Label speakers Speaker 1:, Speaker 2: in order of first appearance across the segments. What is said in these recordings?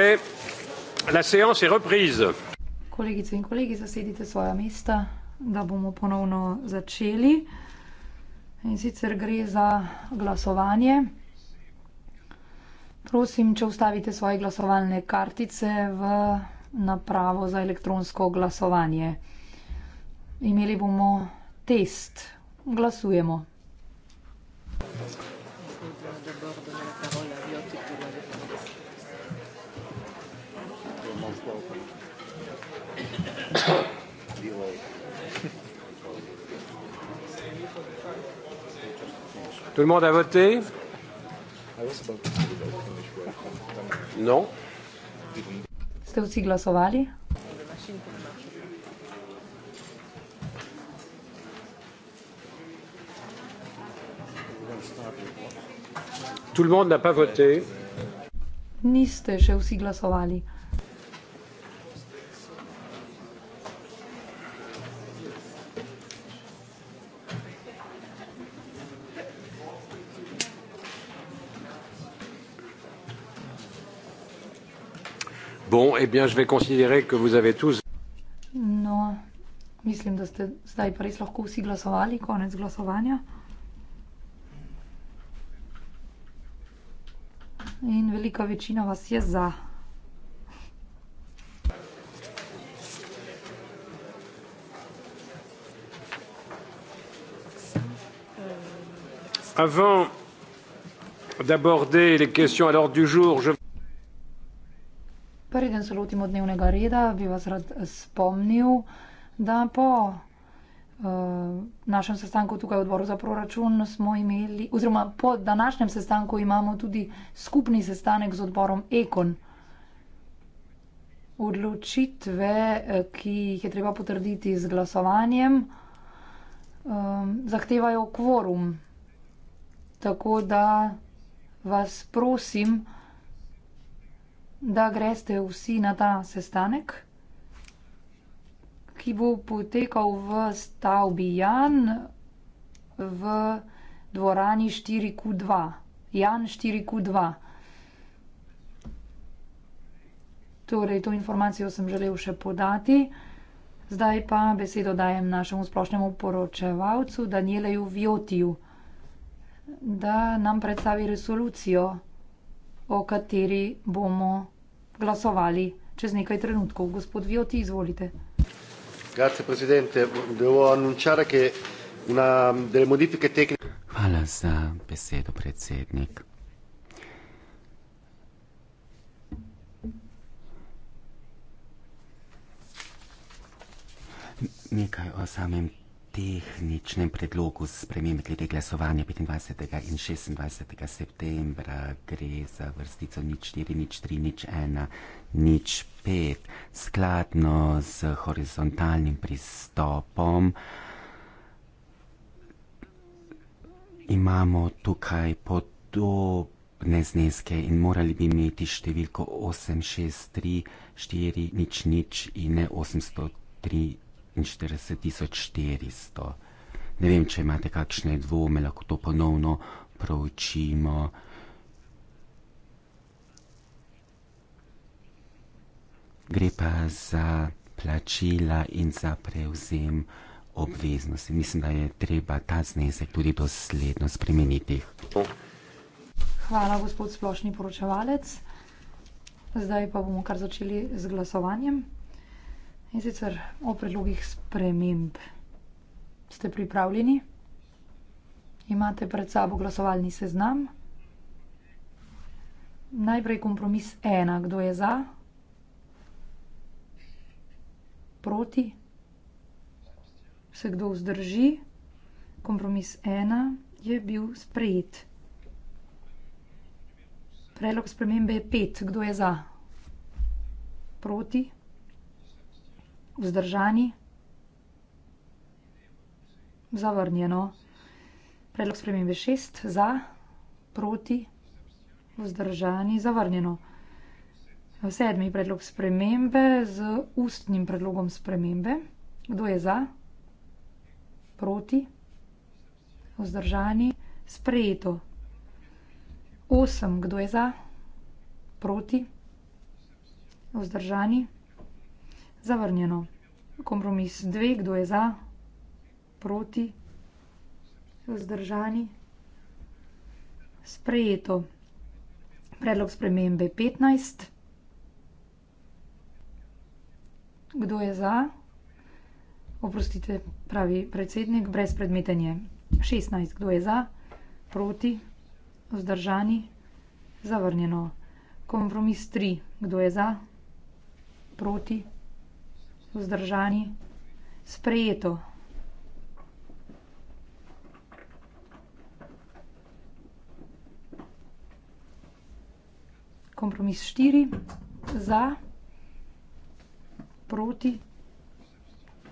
Speaker 1: Et la séance est reprise. Kolegice in kolegi, zasedite svoja mesta, da bomo ponovno začeli. In sicer gre za glasovanje. Prosim, če ustavite svoje glasovalne kartice v napravo za elektronsko glasovanje. Imeli bomo test. Glasujemo.
Speaker 2: Dobar, dobar, dobar, dobar. Tout le monde a voté Non
Speaker 1: Ste vsi glasovali?
Speaker 2: Tout le monde n'a pas voté.
Speaker 1: Niste še vsi glasovali. Bon, eh bien, je vais considérer que vous avez tous. No, mislim, da ste zdaj pa res lahko vsi glasovali, konec glasovanja. In velika večina vas je za.
Speaker 2: Avant d'aborder les questions à l'ordre du jour, je
Speaker 1: Preden se lotimo dnevnega reda, bi vas rad spomnil, da po uh, našem sestanku tukaj v odboru za proračun smo imeli, oziroma po današnjem sestanku imamo tudi skupni sestanek z odborom Ekon. Odločitve, eh, ki jih je treba potrditi z glasovanjem, um, zahtevajo kvorum. Tako da vas prosim, da da greste vsi na ta sestanek, ki bo potekal v stavbi Jan v dvorani 4Q2. Jan 4Q2. Torej, to informacijo sem želel še podati. Zdaj pa besedo dajem našemu splošnemu poročevalcu Danieleju Vjotiju, da nam predstavi resolucijo o kateri bomo glasovali čez nekaj trenutkov. Gospod Vioti, izvolite.
Speaker 2: Grazie, presidente. Devo annunciare che una delle modifiche tecniche. Hvala za besedo, predsednik. Nekaj o samem tehničnem predlogu spremembe glede glasovanja 25. in 26. septembra gre za vrstico nič 4, nič 3, nič 1, nič 5. Skladno z horizontalnim pristopom imamo tukaj podob Nezneske in morali bi imeti številko 8634 nič nič in ne 803 49400. Ne vem, če imate kakšne dvome, lahko to ponovno proučimo. Gre pa za plačila in za prevzem obveznosti. Mislim, da je treba ta znesek tudi dosledno spremeniti.
Speaker 1: Hvala, gospod splošni poročevalec. Zdaj pa bomo kar začeli z glasovanjem. In sicer o predlogih sprememb. Ste pripravljeni? Imate pred sabo glasovalni seznam. Najprej kompromis ena. Kdo je za? Proti? Se kdo vzdrži? Kompromis ena je bil sprejet. Predlog spremembe je pet. Kdo je za? Proti? Vzdržani? Zavrnjeno. Predlog spremembe šest. Za? Proti? Vzdržani? Zavrnjeno. Sedmi predlog spremembe z ustnim predlogom spremembe. Kdo je za? Proti? Vzdržani? Sprejeto. Osem. Kdo je za? Proti? Vzdržani? Vzdržani? Zavrnjeno. Kompromis dve, kdo je za, proti, vzdržani. Sprejeto. Predlog spremembe 15. Kdo je za? Oprostite, pravi predsednik, brez predmetenje. 16. Kdo je za? Proti, vzdržani, zavrnjeno. Kompromis 3. Kdo je za? Proti, vzdržani vzdržani, sprejeto. Kompromis štiri, za, proti,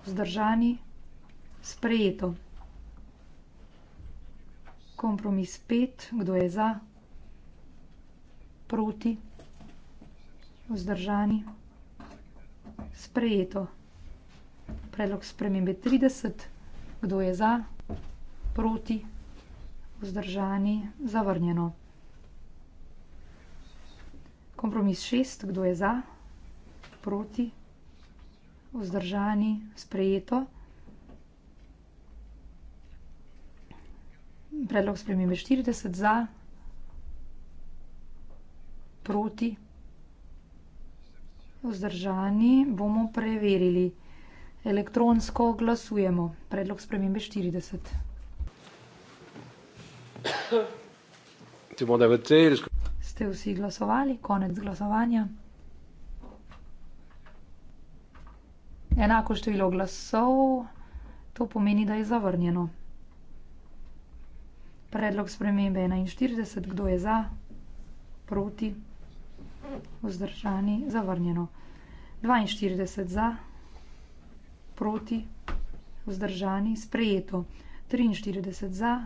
Speaker 1: vzdržani, sprejeto. Kompromis pet, kdo je za, proti, vzdržani, sprejeto sprejeto. Predlog spremembe 30. Kdo je za? Proti? Vzdržani? Zavrnjeno. Kompromis 6. Kdo je za? Proti? Vzdržani? Sprejeto. Predlog spremembe 40. Za? Proti? Proti? vzdržani, bomo preverili. Elektronsko glasujemo. Predlog spremembe 40. Ste vsi glasovali? Konec glasovanja. Enako število glasov, to pomeni, da je zavrnjeno. Predlog spremembe 41. Kdo je za? Proti? vzdržani, zavrnjeno. 42 za, proti, vzdržani, sprejeto. 43 za,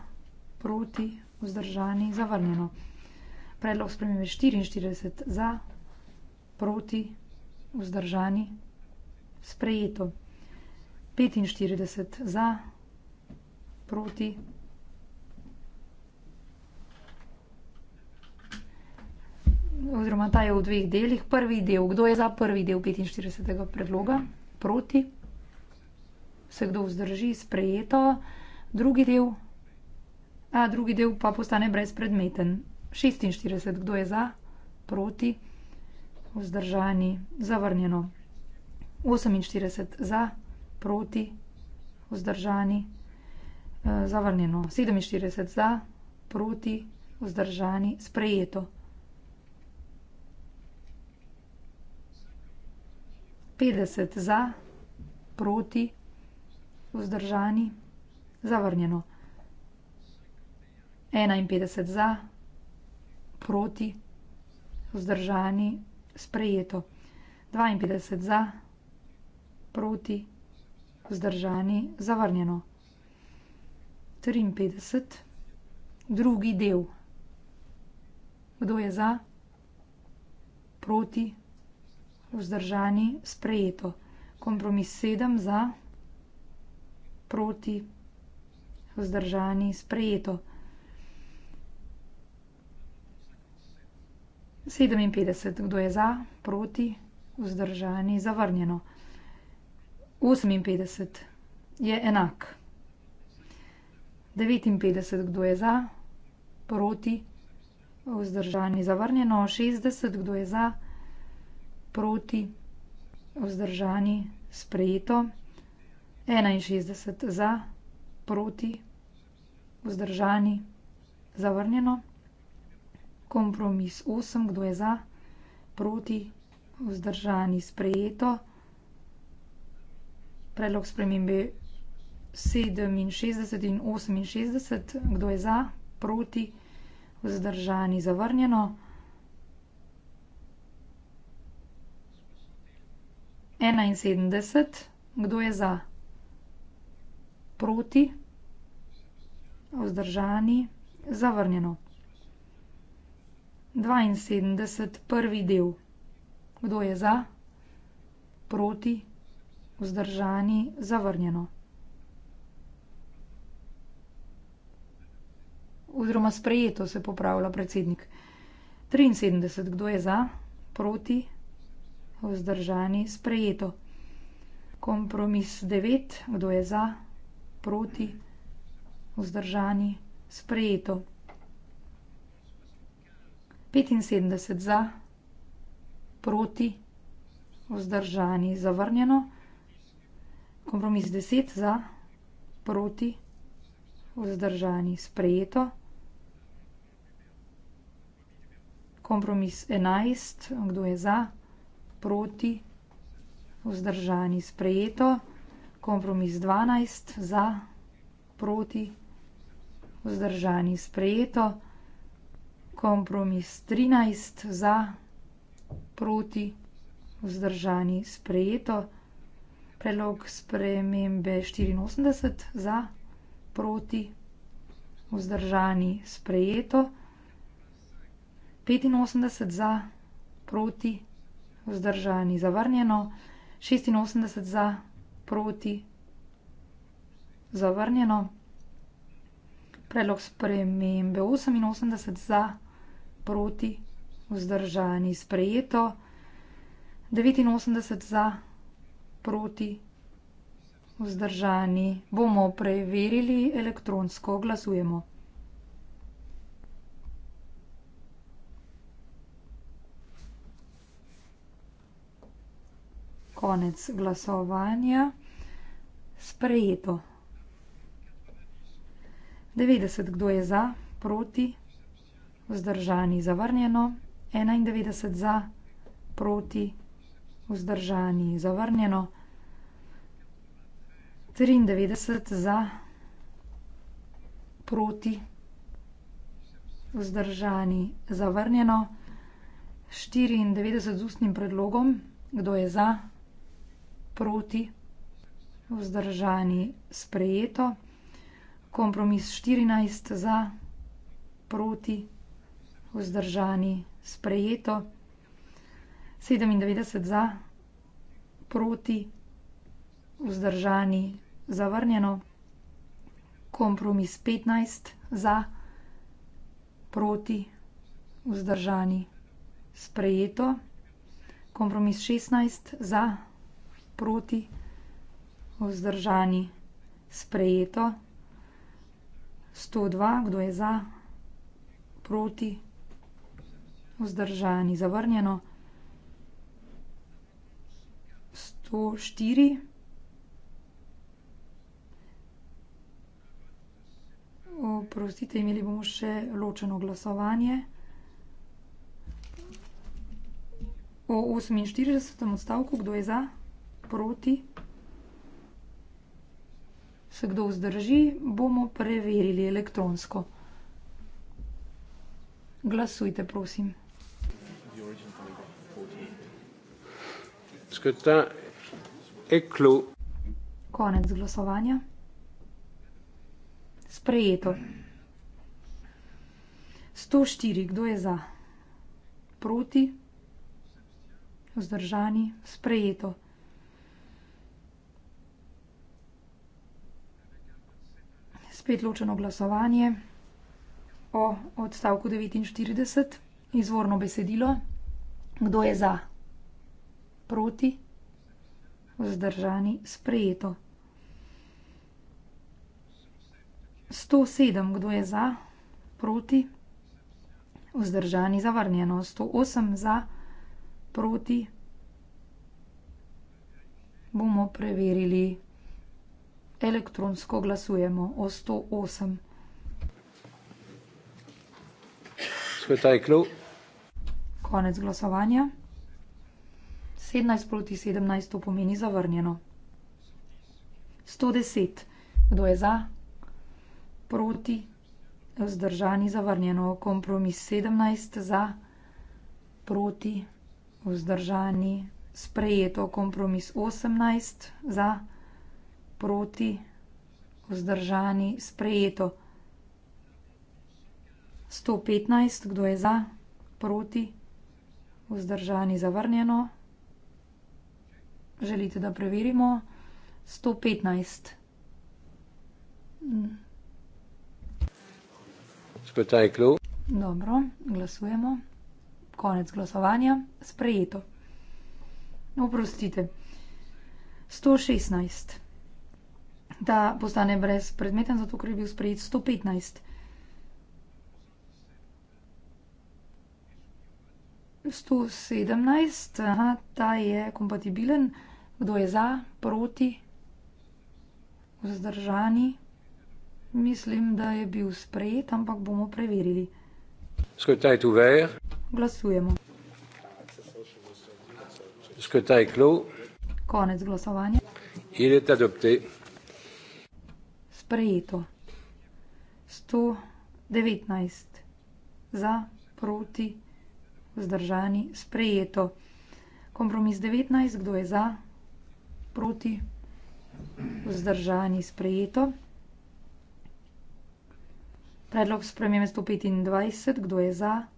Speaker 1: proti, vzdržani, zavrnjeno. Predlog spremembe 44 za, proti, vzdržani, sprejeto. 45 za, proti, vzdržani. oziroma ta je v dveh delih. Prvi del, kdo je za prvi del 45. predloga, proti, se kdo vzdrži, sprejeto. Drugi del, a drugi del pa postane brezpredmeten. 46, kdo je za, proti, vzdržani, zavrnjeno. 48 za, proti, vzdržani, e, zavrnjeno. 47 za, proti, vzdržani, sprejeto. petdeset za, proti, vzdržani, zavrnjeno. Enainpetdeset za, proti, vzdržani, sprejeto. Dvainpetdeset za, proti, vzdržani, zavrnjeno. Triinpetdeset, drugi del. Kdo je za? Proti? vzdržani, sprejeto. Kompromis sedem za, proti, vzdržani, sprejeto. 57, kdo je za, proti, vzdržani, zavrnjeno. 58 je enak. 59, kdo je za, proti, vzdržani, zavrnjeno. 60, kdo je za, proti proti, vzdržani, sprejeto. Enainšestdeset za, proti, vzdržani, zavrnjeno. Kompromis osem, kdo je za? Proti, vzdržani, sprejeto. Predlog spremembe sedeminšestdeset in oseminšestdeset, kdo je za? Proti, vzdržani, zavrnjeno. enainsedemdeset, kdo je za? Proti? Vzdržani? Zavrnjeno. Dvainsedemdeset, prvi del, kdo je za? Proti? Vzdržani? Zavrnjeno. Oziroma sprejeto, se popravlja predsednik. Triinsedemdeset, kdo je za? Proti? vzdržani, sprejeto. Kompromis 9, kdo je za, proti, vzdržani, sprejeto. 75 za, proti, vzdržani, zavrnjeno. Kompromis 10 za, proti, vzdržani, sprejeto. Kompromis 11, kdo je za, proti proti, vzdržani, sprejeto. Kompromis 12, za, proti, vzdržani, sprejeto. Kompromis 13, za, proti, vzdržani, sprejeto. Predlog spremembe 84, za, proti, vzdržani, sprejeto. 85 za, proti, vzdržani, sprejeto vzdržani, zavrnjeno, 86 za, proti, zavrnjeno, predlog spremembe 88 za, proti, vzdržani, sprejeto, 89 za, proti, vzdržani. Bomo preverili elektronsko, glasujemo. Konec glasovanja. Sprejeto. 90, kdo je za, proti, vzdržani, zavrnjeno. 91 za, proti, vzdržani, zavrnjeno. 93 za, proti, vzdržani, zavrnjeno. 94 z ustnim predlogom, kdo je za, proti proti, vzdržani sprejeto. Kompromis štirinajst za, proti, vzdržani sprejeto. Sedemindevetdeset za, proti, vzdržani zavrnjeno. Kompromis petnajst za, proti, vzdržani sprejeto. Kompromis šestnajst za proti, vzdržani, sprejeto. Sto dva, kdo je za? Proti, vzdržani, zavrnjeno. Sto štiri. Oprostite, imeli bomo še ločeno glasovanje. O oseminštiridesetem odstavku, kdo je za? proti. Se kdo vzdrži, bomo preverili elektronsko. Glasujte, prosim.
Speaker 2: Skrta eklu.
Speaker 1: Konec glasovanja. Sprejeto. 104, kdo je za? Proti? Vzdržani? Sprejeto. spet ločeno glasovanje o odstavku 49, izvorno besedilo. Kdo je za? Proti? Vzdržani? Sprejeto. 107. Kdo je za? Proti? Vzdržani? Zavrnjeno. 108. Za? Proti? Bomo preverili elektronsko glasujemo o 108. Svetajklov. Konec glasovanja. 17 proti 17 to pomeni zavrnjeno. 110. Kdo je za? Proti. Vzdržani zavrnjeno. Kompromis 17 za. Proti. Vzdržani sprejeto. Kompromis 18 za proti, vzdržani, sprejeto. 115, kdo je za, proti, vzdržani, zavrnjeno. Želite, da preverimo? 115. Skrčaj klub. Dobro, glasujemo. Konec glasovanja, sprejeto. Oprostite. 116 da postane brezpredmeten, zato ker je bil sprejet 115. 117, aha, ta je kompatibilen. Kdo je za, proti, vzdržani? Mislim, da je bil sprejet, ampak bomo preverili. Skrtaj tu veje. Glasujemo. Skrtaj klo. Konec glasovanja. Il est adopté sprejeto. 119 za, proti, vzdržani, sprejeto. Kompromis 19, kdo je za, proti, vzdržani, sprejeto. Predlog spremembe 125, kdo je za,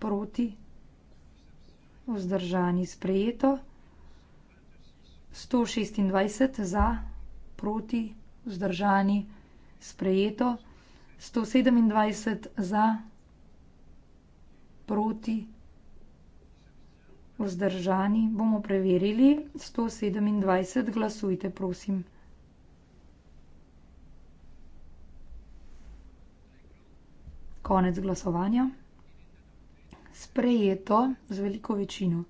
Speaker 1: proti, vzdržani, sprejeto. 126 za, proti, vzdržani, sprejeto proti, vzdržani, sprejeto, 127 za, proti, vzdržani, bomo preverili, 127, glasujte, prosim. Konec glasovanja. Sprejeto z veliko večino.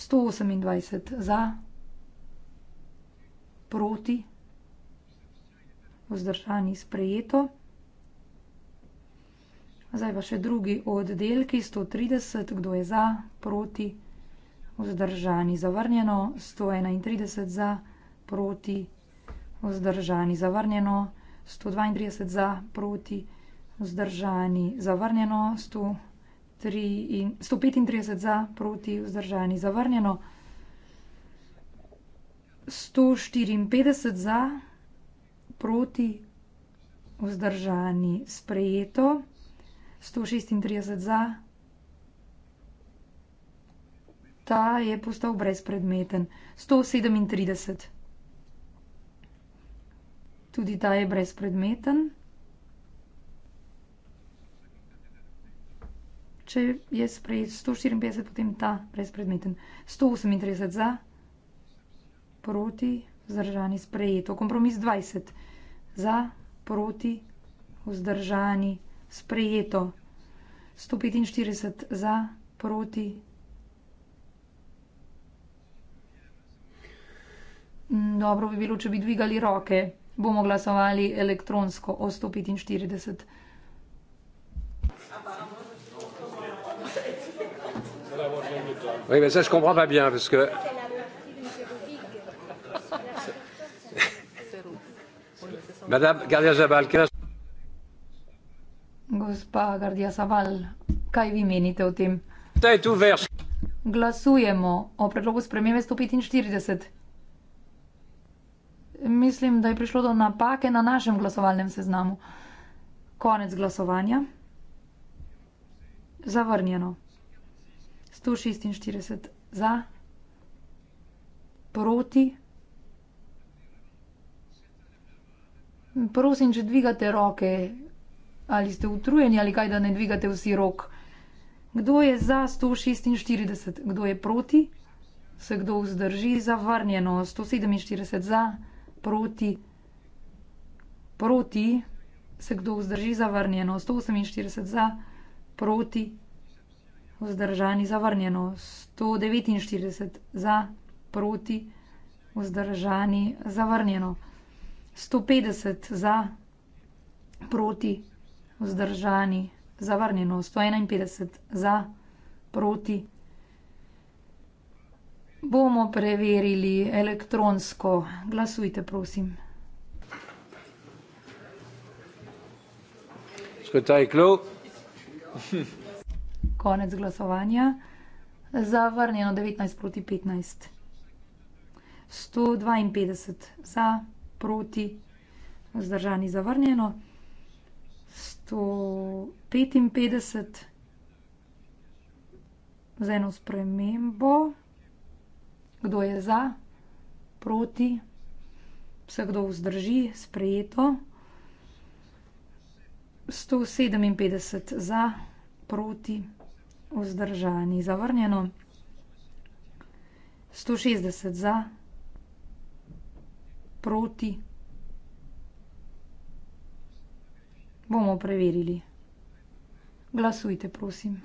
Speaker 1: 128 za, proti, vzdržani sprejeto. Zdaj pa še drugi oddelki, 130, kdo je za, proti, vzdržani, zavrnjeno, 131 za, proti, vzdržani, zavrnjeno, 132 za, proti, vzdržani, zavrnjeno, 133 za, proti, vzdržani, zavrnjeno. 154 za, proti, vzdržani, sprejeto. 136 za. Ta je postal brezpredmeten. 137. Tudi ta je brezpredmeten. Če je sprejet 154, potem ta brezpredmeten. 138 za proti, vzdržani, sprejeto. Kompromis 20. Za, proti, vzdržani, sprejeto. 145 za, proti. Mm, dobro bi bilo, če bi dvigali roke. Bomo glasovali elektronsko o 145.
Speaker 2: Oui, mais ça, je comprends pas bien, parce que...
Speaker 1: Gospa Gardija Saval, kaj vi menite o tem? Glasujemo o predlogu spremembe 145. Mislim, da je prišlo do napake na našem glasovalnem seznamu. Konec glasovanja. Zavrnjeno. 146 za. Proti. prosim, če dvigate roke. Ali ste utrujeni ali kaj, da ne dvigate vsi rok? Kdo je za 146, kdo je proti? Se kdo vzdrži? Zavrnjeno. 147 za, proti, proti. Se kdo vzdrži? Zavrnjeno. 148 za, proti, vzdržani, zavrnjeno. 149 za, proti, vzdržani, zavrnjeno sto petdeset za, proti, vzdržani, zavrnjeno sto enainpetdeset za, proti. Bomo preverili elektronsko. Glasujte, prosim. Konec glasovanja. Zavrnjeno devetnajst proti petnajst. Sto dvainpetdeset za proti, vzdržani zavrnjeno. 155 z eno spremembo. Kdo je za, proti, vse kdo vzdrži, sprejeto. 157 za, proti, vzdržani, zavrnjeno. 160 za, proti proti. Bomo preverili. Glasujte, prosim.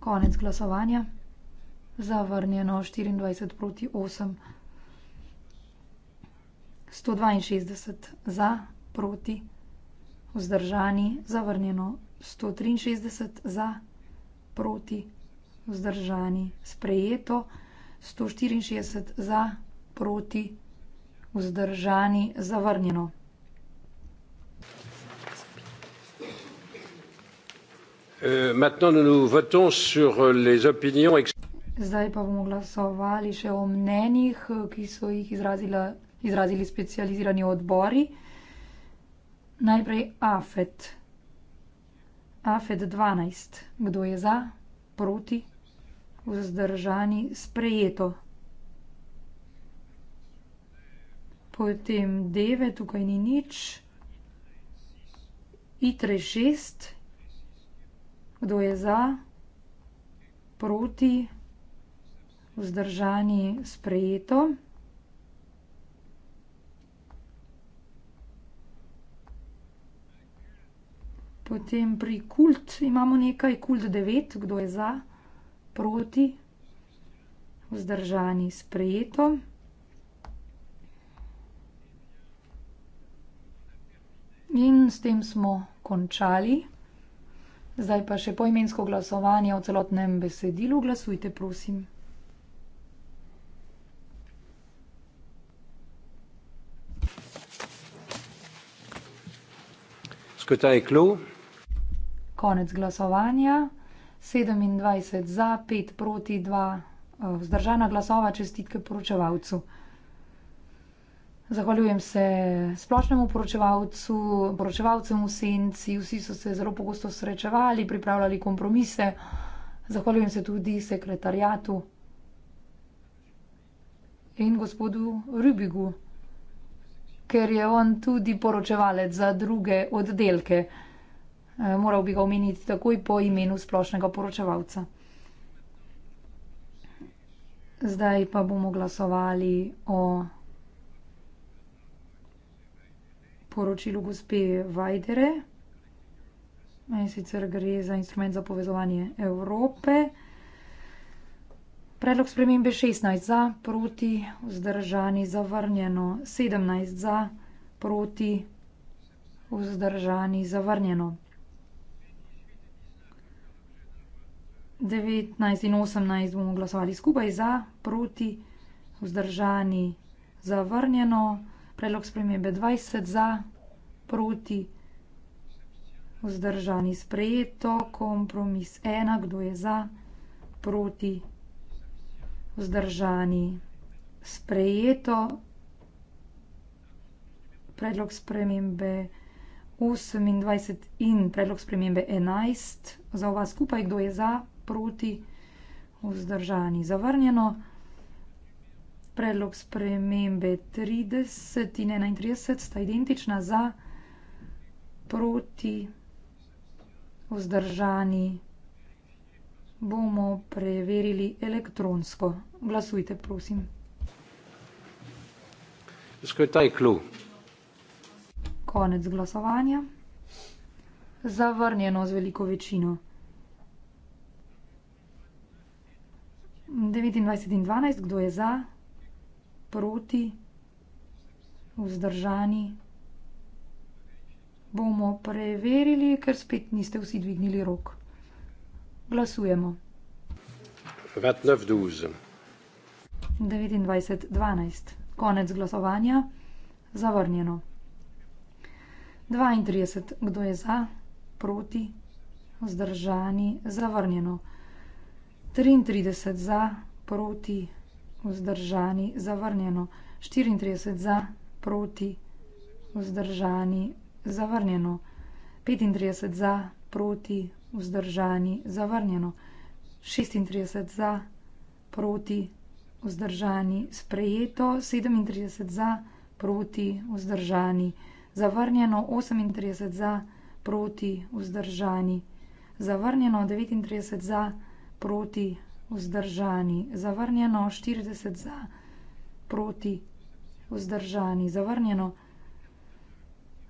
Speaker 1: Konec glasovanja. Zavrnjeno 24 proti 8. 162 za, proti, vzdržani, zavrnjeno 163 za, proti, vzdržani, sprejeto, 164 za, proti, vzdržani, zavrnjeno.
Speaker 2: Euh, euh,
Speaker 1: Zdaj pa bomo glasovali še o mnenjih, euh, ki so jih izrazila, izrazili specializirani odbori. Najprej AFET. Afet dvanajst. Kdo je za? Proti? Vzdržani? Sprejeto. Potem deve, tukaj ni nič. Itre šest. Kdo je za? Proti? Vzdržani? Sprejeto. Sprejeto. Potem pri kult imamo nekaj, kult devet, kdo je za, proti, vzdržani, sprejeto. In s tem smo končali. Zdaj pa še poimensko glasovanje o celotnem besedilu. Glasujte, prosim.
Speaker 2: Skratka, je klo
Speaker 1: konec glasovanja. 27 za, 5 proti, 2 eh, vzdržana glasova, čestitke poročevalcu. Zahvaljujem se splošnemu poročevalcu, poročevalcem v senci, vsi so se zelo pogosto srečevali, pripravljali kompromise. Zahvaljujem se tudi sekretarjatu in gospodu Rubigu, ker je on tudi poročevalec za druge oddelke. Eh, moral bi ga omeniti takoj po imenu splošnega poročevalca. Zdaj pa bomo glasovali o poročilu gospe Vajdere. In sicer gre za instrument za povezovanje Evrope. Predlog spremembe 16 za, proti, vzdržani, zavrnjeno. 17 za, proti, vzdržani, zavrnjeno. 19 in 18 bomo glasovali skupaj za, proti, vzdržani, zavrnjeno, predlog spremembe 20 za, proti, vzdržani, sprejeto, kompromis 1, kdo je za, proti, vzdržani, sprejeto, predlog spremembe 28 in predlog spremembe 11 za oba skupaj, kdo je za, proti vzdržani. Zavrnjeno predlog spremembe 30 in 31 sta identična za proti vzdržani. Bomo preverili elektronsko. Glasujte, prosim. Konec glasovanja. Zavrnjeno z veliko večino. 29 in 12, kdo je za, proti, vzdržani. Bomo preverili, ker spet niste vsi dvignili rok. Glasujemo. 29, 12. Konec glasovanja. Zavrnjeno. 32, kdo je za, proti, vzdržani, zavrnjeno. 33 za, proti, vzdržani, zavrnjeno. 34 za, proti, vzdržani, zavrnjeno. 35 za, proti, vzdržani, zavrnjeno. 36 za, proti, vzdržani, sprejeto. 37 za, proti, vzdržani, zavrnjeno. 38 za, proti, vzdržani, zavrnjeno. 39 za, proti, vzdržani proti, vzdržani, zavrnjeno, 40 za, proti, vzdržani, zavrnjeno,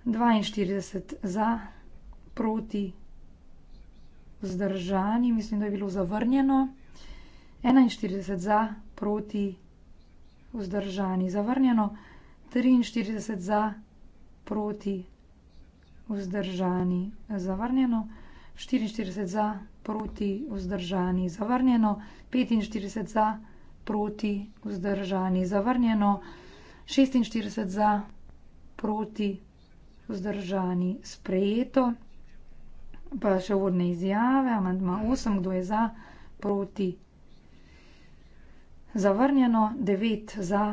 Speaker 1: 42 za, proti, vzdržani, mislim, da je bilo zavrnjeno, 41 za, proti, vzdržani, zavrnjeno, 43 za, proti, vzdržani, zavrnjeno, 43 za, proti, vzdržani, zavrnjeno, 44 za, proti, vzdržani, zavrnjeno, 45 za, proti, vzdržani, zavrnjeno, 46 za, proti, vzdržani, sprejeto. Pa še vodne izjave, amantma 8, kdo je za, proti, zavrnjeno, 9 za,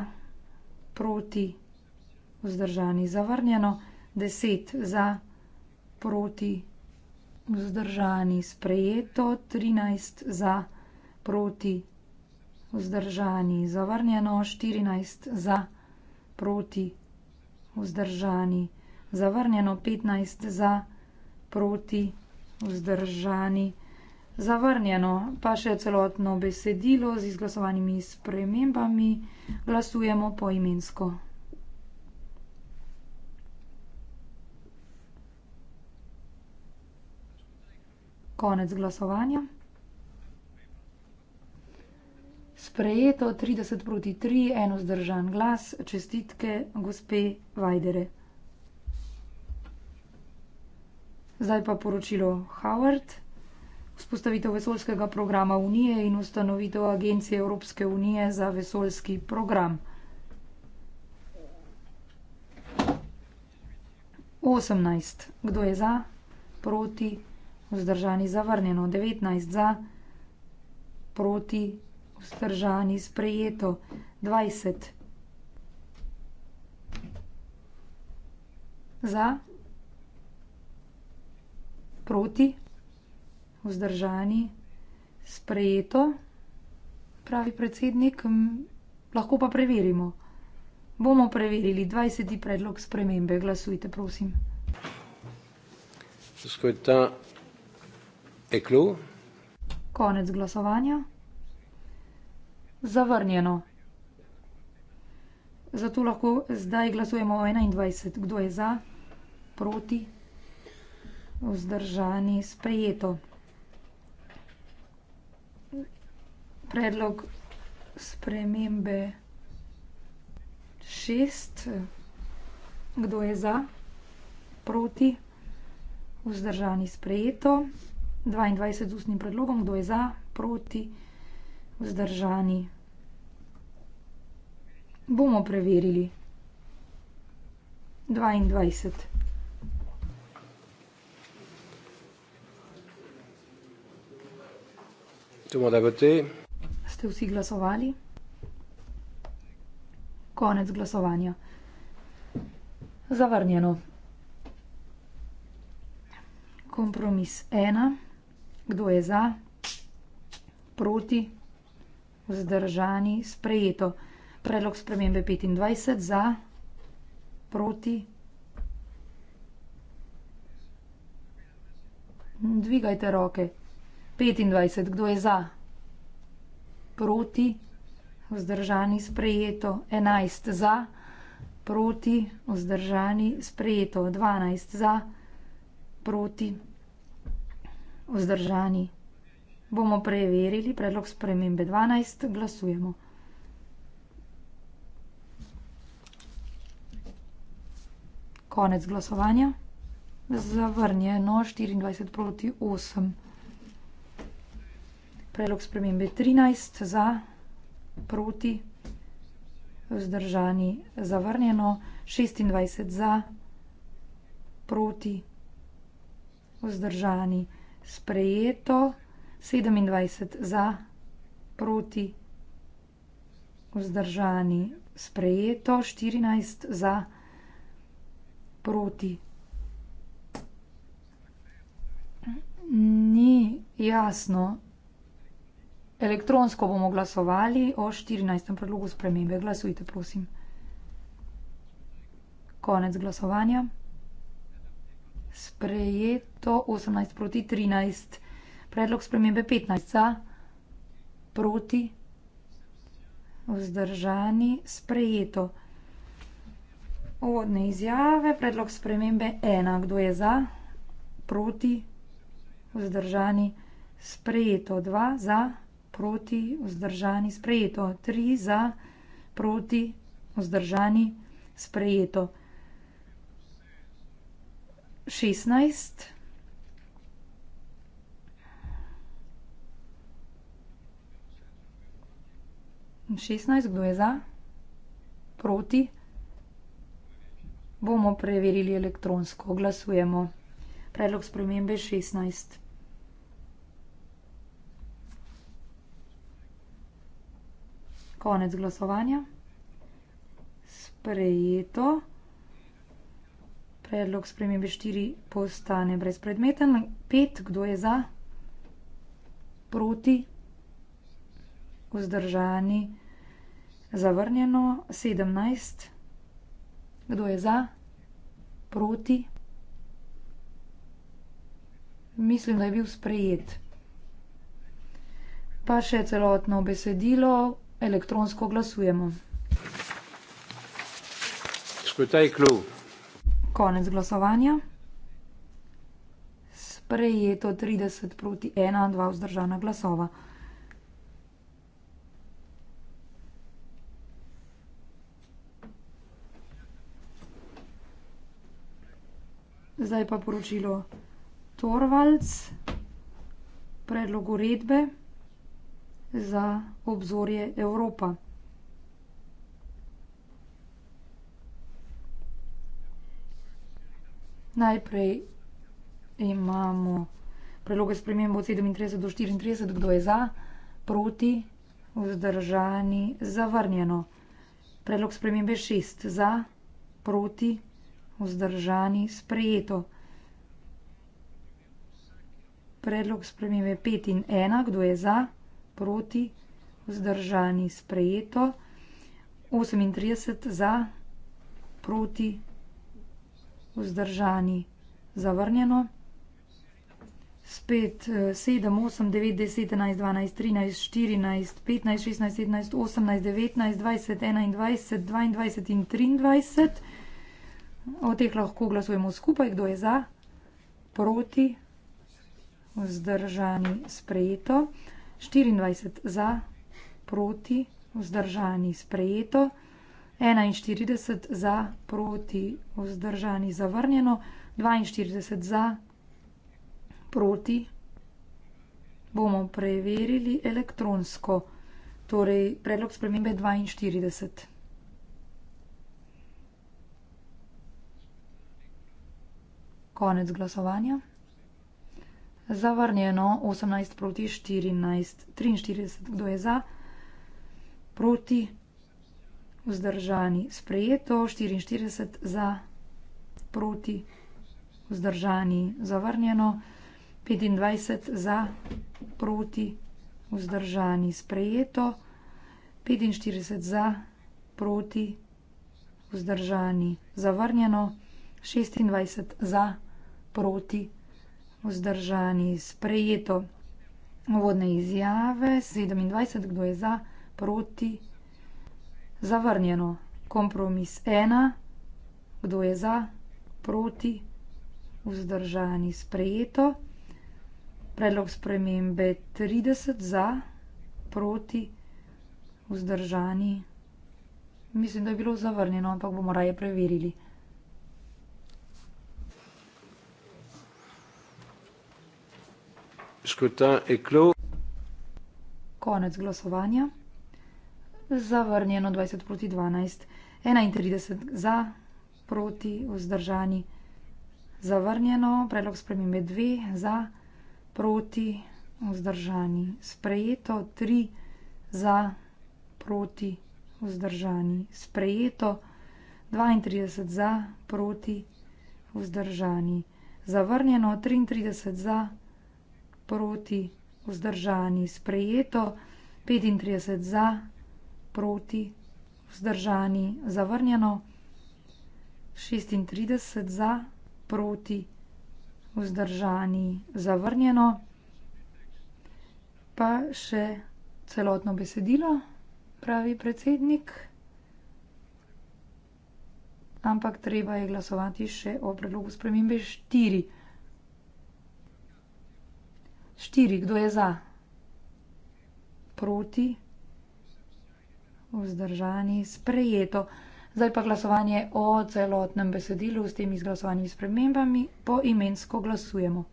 Speaker 1: proti, vzdržani, zavrnjeno, 10 za, proti, vzdržani vzdržani, sprejeto, 13 za, proti, vzdržani, zavrnjeno, 14 za, proti, vzdržani, zavrnjeno, 15 za, proti, vzdržani, zavrnjeno, pa še celotno besedilo z izglasovanimi spremembami, glasujemo poimensko. konec glasovanja. Sprejeto, 30 proti 3, en vzdržan glas. Čestitke gospe Vajdere. Zdaj pa poročilo Howard. Vzpostavitev vesolskega programa Unije in ustanovitev Agencije Evropske unije za vesolski program. 18. Kdo je za? Proti? vzdržani zavrnjeno, 19 za, proti vzdržani sprejeto, 20 za, proti vzdržani sprejeto, pravi predsednik, lahko pa preverimo. Bomo preverili 20. predlog spremembe. Glasujte, prosim. Gospod ta Eklu. Konec glasovanja. Zavrnjeno. Zato lahko zdaj glasujemo o 21. Kdo je za, proti, vzdržani, sprejeto. Predlog spremembe šest. Kdo je za, proti, vzdržani, sprejeto. 22 z ustnim predlogom, kdo je za, proti, vzdržani. Bomo preverili. 22. Ste vsi glasovali? Konec glasovanja. Zavrnjeno. Kompromis ena, Kdo je za? Proti? Vzdržani? Sprejeto. Predlog spremembe 25 za? Proti? Dvigajte roke. 25. Kdo je za? Proti? Vzdržani? Sprejeto. 11 za? Proti? Vzdržani? Sprejeto. 12 za? Proti? vzdržani. Bomo preverili predlog spremembe 12. Glasujemo. Konec glasovanja. Zavrnjeno 24 proti 8. Predlog spremembe 13 za, proti, vzdržani, zavrnjeno 26 za, proti, vzdržani sprejeto, sedemindvajset za, proti, vzdržani, sprejeto, štirinajst za, proti. Ni jasno. Elektronsko bomo glasovali o štirinajstem predlogu spremembe. Glasujte, prosim. Konec glasovanja sprejeto osemnajst proti trinajst. Predlog spremembe petnajst za, proti, vzdržani, sprejeto. Uvodne izjave, predlog spremembe ena, kdo je za? Proti, vzdržani, sprejeto. Dva za, proti, vzdržani, sprejeto. Tri za, proti, vzdržani, sprejeto. 16. In 16, kdo je za? Proti? Bomo preverili elektronsko, glasujemo. Predlog spremembe 16. Konec glasovanja. Sprejeto. Predlog spremembe 4 postane brezpredmeten. 5, kdo je za? Proti? Vzdržani? Zavrnjeno? 17, kdo je za? Proti? Mislim, da je bil sprejet. Pa še celotno besedilo, elektronsko glasujemo.
Speaker 2: Skutaj kljub.
Speaker 1: Konec glasovanja. Sprejeto 30 proti 1, 2 vzdržana glasova. Zdaj pa poročilo Torvalds, predlog uredbe za obzorje Evropa. Najprej imamo predloge sprememb od 37 do 34, kdo je za, proti, vzdržani, zavrnjeno. Predlog spremembe 6, za, proti, vzdržani, sprejeto. Predlog spremembe 5 in 1, kdo je za, proti, vzdržani, sprejeto. 38 za, proti, vzdržani vzdržani, zavrnjeno. Spet eh, sedem, osem, devet, deset, enajst, dvanajst, trinajst, štirinajst, petnajst, šestnajst, sedemnajst, osemnajst, devetnajst, dvajset, enaindvajset, dvaindvajset in triindvajset. O teh lahko glasujemo skupaj, kdo je za, proti, vzdržani, sprejeto. Štiriindvajset za, proti, vzdržani, sprejeto. 41 za, proti vzdržani zavrnjeno, 42 za, proti. Bomo preverili elektronsko, torej predlog spremembe 42. Konec glasovanja. Zavrnjeno 18 proti 14, 43 kdo je za, proti 14 vzdržani. Sprejeto, 44 za, proti, vzdržani. Zavrnjeno, 25 za, proti, vzdržani. Sprejeto, 45 za, proti, vzdržani. Zavrnjeno, 26 za, proti, vzdržani. Sprejeto. Uvodne izjave, 27, kdo je za, proti, vzdržani. Zavrnjeno. Kompromis ena. Kdo je za? Proti? Vzdržani? Sprejeto. Predlog spremembe trideset za, proti, vzdržani. Mislim, da je bilo zavrnjeno, ampak bomo raje preverili. Konec glasovanja zavrnjeno 20 proti 12, 31 za, proti vzdržani, zavrnjeno, predlog spremembe 2 za, proti vzdržani, sprejeto 3 za, proti vzdržani, sprejeto 32 za, proti vzdržani, zavrnjeno 33 za, proti vzdržani, sprejeto 35 za, proti vzdržani proti, vzdržani, zavrnjeno, 36 za, proti, vzdržani, zavrnjeno, pa še celotno besedilo, pravi predsednik. Ampak treba je glasovati še o predlogu spremembe štiri. Štiri, kdo je za? Proti, vzdržani, sprejeto. Zdaj pa glasovanje o celotnem besedilu s temi izglasovanimi spremembami po imensko glasujemo.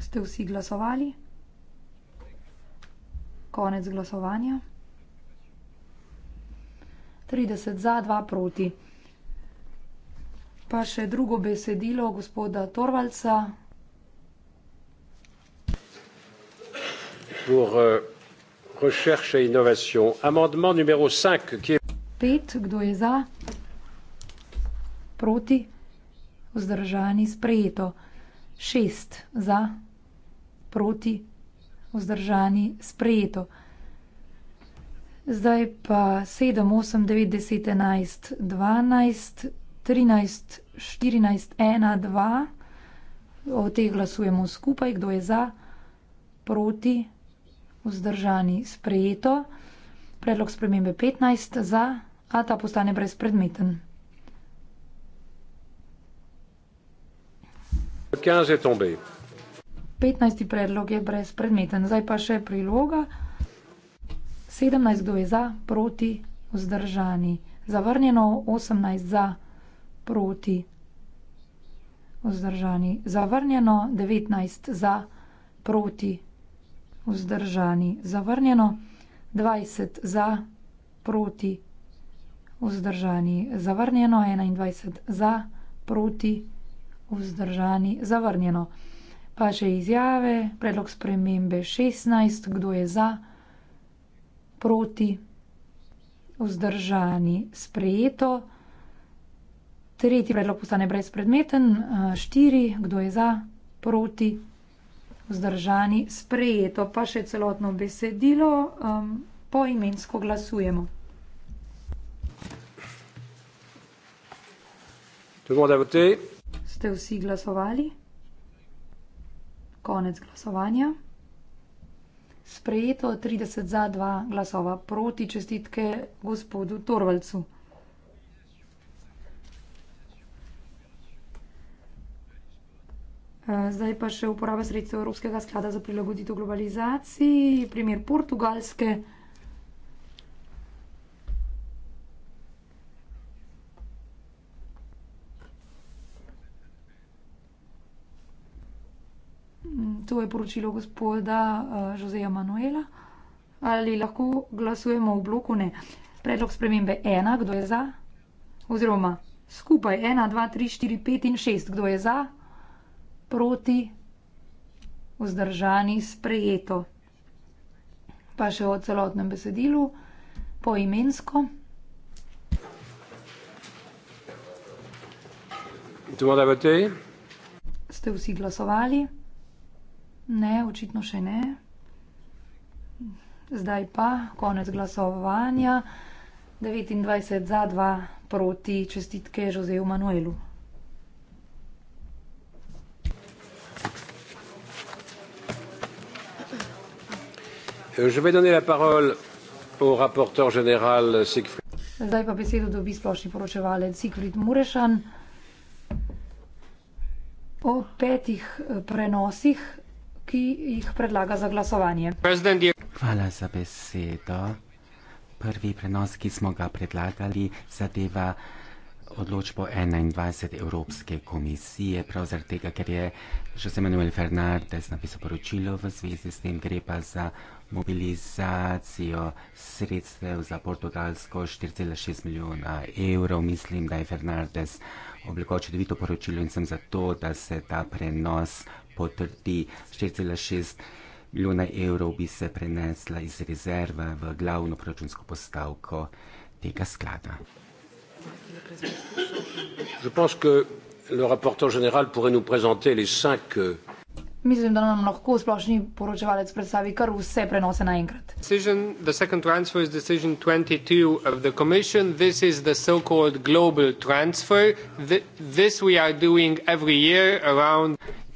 Speaker 1: Ste vsi glasovali? Konec glasovanja. 30 za, 2 proti. Pa še drugo besedilo gospoda Torvalca.
Speaker 2: pour euh, recherche et innovation. Amendement numéro 5 qui est...
Speaker 1: 5, kdo je za? Proti? Vzdržani sprejeto. 6 za? Proti? Vzdržani sprejeto. Zdaj pa 7, 8, 9, 10, 11, 12, 13, 14, 1, 2. O teh glasujemo skupaj, kdo je za, proti, vzdržani sprejeto. Predlog spremembe 15 za, a ta postane brezpredmeten. Tombe. 15. predlog je brezpredmeten. Zdaj pa še priloga. 17. kdo je za, proti, vzdržani. Zavrnjeno 18 za, proti, vzdržani. Zavrnjeno 19 za, proti, vzdržani
Speaker 2: vzdržani.
Speaker 1: Zavrnjeno 20 za, proti vzdržani. Zavrnjeno 21 za, proti vzdržani. Zavrnjeno. Pa še izjave, predlog spremembe 16, kdo je za, proti vzdržani. Sprejeto. Tretji predlog postane brezpredmeten, štiri, kdo je za, proti vzdržani vzdržani, sprejeto pa še celotno besedilo, um, poimensko glasujemo. Ste vsi glasovali? Konec glasovanja. Sprejeto 30 za 2 glasova proti čestitke gospodu Torvalcu. Eh, zdaj pa še uporaba sredstev Evropskega sklada za prilagoditev globalizaciji, primer Portugalske. Mm, to je poročilo gospoda eh, Joseja Manuela. Ali lahko glasujemo v bloku? Ne. Predlog spremembe ena, kdo je za? Oziroma skupaj ena, dva, tri, štiri, pet in šest, kdo je za? proti, vzdržani, sprejeto. Pa še o celotnem besedilu, poimensko. Ste vsi glasovali? Ne, očitno še ne. Zdaj pa konec glasovanja. 29 za 2 proti čestitke Jozeju Manuelu.
Speaker 2: Euh, euh,
Speaker 1: Zdaj pa besedo dobi splošni poročevalec Sigfrid Murešan. O petih eh, prenosih, ki jih predlaga za glasovanje.
Speaker 2: Hvala za besedo. Prvi prenos, ki smo ga predlagali, zadeva odločbo 21 Evropske komisije, prav zaradi tega, ker je José Manuel Fernández napisal poročilo v zvezi s tem, gre pa za mobilizacijo sredstev za Portugalsko 4,6 milijona evrov. Mislim, da je Fernandez oblikoval čudovito poročilo in sem zato, da se ta prenos potrdi. 4,6 milijona evrov bi se prenesla iz rezerve v glavno proračunsko postavko tega sklada. Je pense que le rapporteur général pourrait nous présenter les cinq euh,
Speaker 1: Mislim, da nam lahko splošni poročevalec predstavi kar vse prenose naenkrat.